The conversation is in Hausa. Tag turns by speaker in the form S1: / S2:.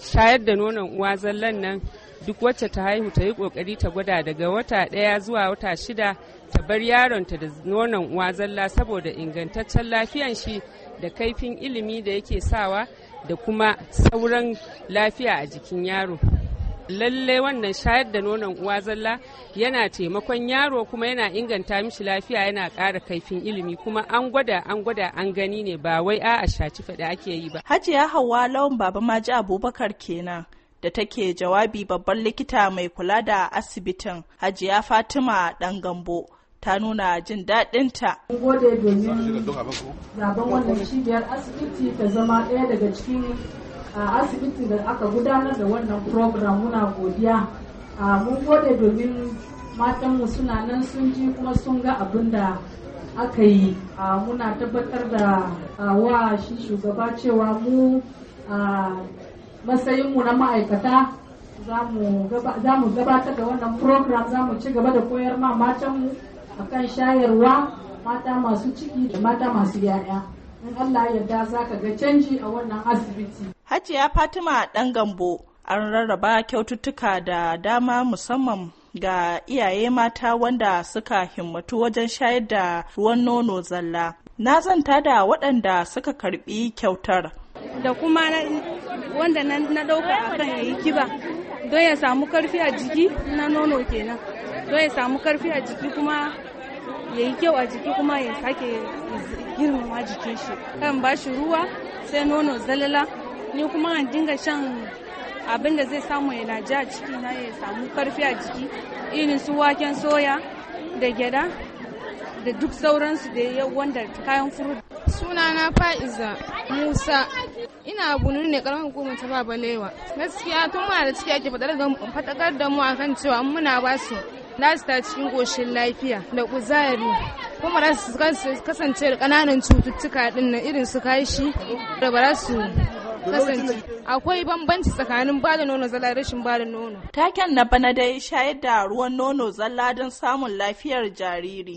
S1: shayar da nonon uwa zallan nan duk wacce ta haihu ta yi kokari ta gwada daga wata ɗaya zuwa wata shida ta bar yaronta da nonon uwa zalla saboda ingantaccen lafiyan shi da kaifin ilimi da yake sawa da kuma sauran lafiya a jikin yaro lalle wannan shayar da nonon uwa zalla yana taimakon yaro kuma yana inganta mishi lafiya yana ƙara kaifin ilimi kuma an gwada an gwada an gani ne ba wai a shaci faɗi ake yi ba
S2: hajiya hawa lawan baba maji abubakar kenan da take jawabi babban likita mai kula da asibitin hajiya fatima dan gambo ta nuna jin daɗinta. gode domin zaben wannan
S3: cibiyar asibiti ta zama ɗaya daga cikin a asibitin da aka gudanar da wannan program muna godiya mun gode domin matanmu suna nan sun ji kuma sun ga abin da aka yi muna tabbatar da wa shi shugaba cewa mu matsayinmu na ma'aikata za mu gabatar da wannan program za mu ci gaba da koyar ma matanmu kan shayarwa mata masu ciki da mata masu yaya in allah yarda za ka ga canji a wannan asibiti
S2: Hajiya Fatima ɗan gambo an rarraba kyaututtuka da dama musamman ga iyaye mata wanda suka himmatu wajen shayar da ruwan nono zalla. Na zanta da waɗanda suka karbi kyautar.
S4: Da kuma wanda na ɗauka akan yi kiba don ya samu karfi a jiki na nono kenan. Don ya samu karfi a jiki kuma ya yi kyau a jiki kuma ya sake girmama jikin shi. Kan ba shi ruwa sai nono zalala ni kuma an dinga shan abin da zai samu yana a ciki na ya samu karfi a jiki irin su waken
S5: soya da gyada da duk sauransu da ya wanda kayan furu. sunana fa'iza musa ina bunu ne karfin hukumar ta babalewa gaskiya tun muna da ciki ake fadakar da mu a kan cewa muna basu su ta cikin ƙoshin lafiya da kuzari kuma za su kasance da kananan cututtuka ɗin irin su kashi da ba su kasance akwai bambanci
S2: tsakanin bada da nono zalla rashin bada nono taken na bana dai shayar da ruwan nono zalla don samun lafiyar jariri